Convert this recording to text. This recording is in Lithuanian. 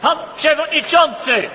Pan Przewodniczący!